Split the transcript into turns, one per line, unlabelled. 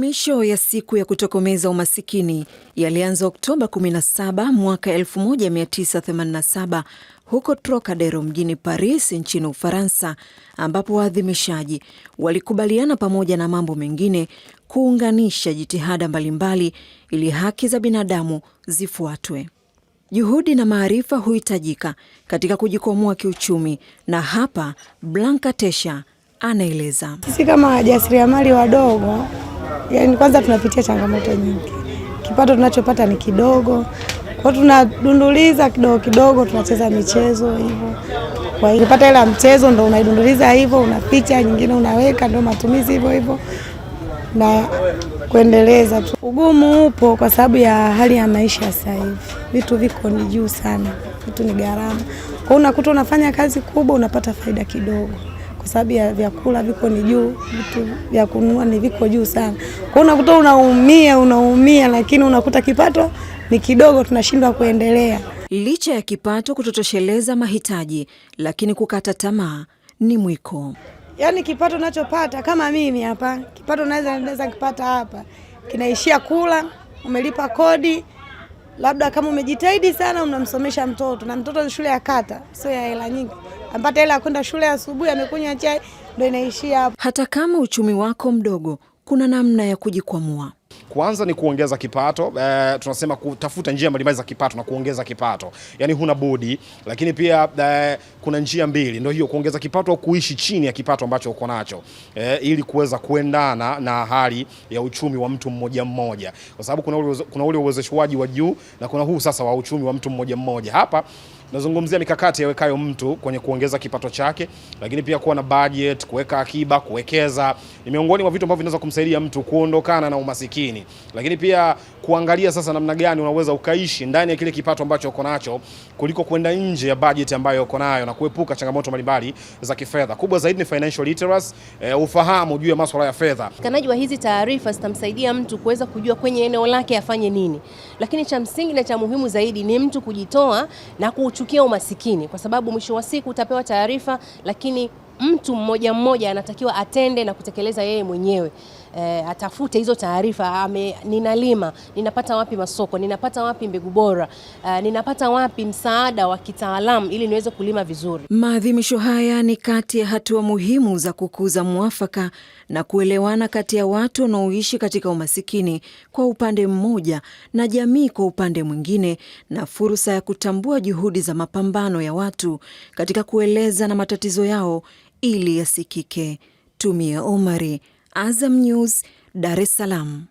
Maadhimisho ya siku ya kutokomeza umasikini yalianza Oktoba 17 mwaka 1987 huko Trocadero mjini Paris nchini Ufaransa, ambapo waadhimishaji walikubaliana pamoja na mambo mengine kuunganisha jitihada mbalimbali ili haki za binadamu zifuatwe. Juhudi na maarifa huhitajika katika kujikwamua kiuchumi, na hapa Blanca Tesha anaeleza.
Sisi kama wajasiriamali wadogo yani kwanza tunapitia changamoto nyingi, kipato tunachopata ni kidogo, kwa tunadunduliza kidogo kidogo, tunacheza michezo hivyo. Kwa hiyo unapata hela mchezo ndo unaidunduliza hivyo, unapicha nyingine unaweka, ndo matumizi hivyo hivyo na kuendeleza tu. Ugumu upo kwa sababu ya hali ya maisha sasa hivi, vitu viko ni juu sana, vitu ni gharama, kwa unakuta unafanya kazi kubwa unapata faida kidogo kwa sababu ya vyakula viko ni juu, vitu vya kununua ni viko juu sana. Kwa unakuta unaumia, unaumia, lakini unakuta kipato ni kidogo, tunashindwa kuendelea.
Licha ya kipato kutotosheleza mahitaji, lakini kukata tamaa ni mwiko.
Yaani kipato nachopata kama mimi hapa, kipato naweza naweza kipata hapa kinaishia kula, umelipa kodi labda kama umejitahidi sana, unamsomesha mtoto na mtoto shule ya kata, sio ya hela nyingi ampata hela kwenda shule asubuhi, amekunywa chai, ndo inaishia hapo.
Hata kama uchumi wako mdogo, kuna namna ya kujikwamua.
Kwanza ni kuongeza kipato e, tunasema kutafuta njia mbalimbali za kipato na kuongeza kipato, yani huna budi. Lakini pia e, kuna njia mbili, ndio hiyo kuongeza kipato au kuishi chini ya kipato ambacho uko nacho e, ili kuweza kuendana na hali ya uchumi wa mtu mmoja mmoja, kwa sababu kuna ule uwezeshwaji wa juu na kuna huu sasa wa uchumi wa mtu mmoja mmoja hapa Nazungumzia mikakati yawekayo mtu kwenye kuongeza kipato chake, lakini pia kuwa na budget, kuweka akiba, kuwekeza ni miongoni mwa vitu ambavyo vinaweza kumsaidia mtu kuondokana na umasikini, lakini pia kuangalia sasa namna gani unaweza ukaishi ndani ya kile kipato ambacho uko nacho kuliko kwenda nje ya budget ambayo uko nayo na kuepuka changamoto mbalimbali za kifedha. Kubwa zaidi ni financial literacy, eh, ufahamu juu ya masuala ya fedha.
Kanaji wa hizi taarifa zitamsaidia mtu kuweza kujua kwenye eneo lake afanye nini, lakini cha msingi na cha muhimu zaidi ni mtu kujitoa na ku chukia umasikini, kwa sababu mwisho wa siku utapewa taarifa, lakini mtu mmoja mmoja anatakiwa atende na kutekeleza yeye mwenyewe. E, atafute hizo taarifa. Ninalima, ninapata wapi masoko? Ninapata wapi mbegu bora? E, ninapata wapi msaada wa kitaalamu ili niweze kulima vizuri?
Maadhimisho haya ni kati ya hatua muhimu za kukuza mwafaka na kuelewana kati ya watu wanaoishi katika umasikini kwa upande mmoja na jamii kwa upande mwingine, na fursa ya kutambua juhudi za mapambano ya watu katika kueleza na matatizo yao ili yasikike. Tumia Omari, Azam News, Dar es Salaam.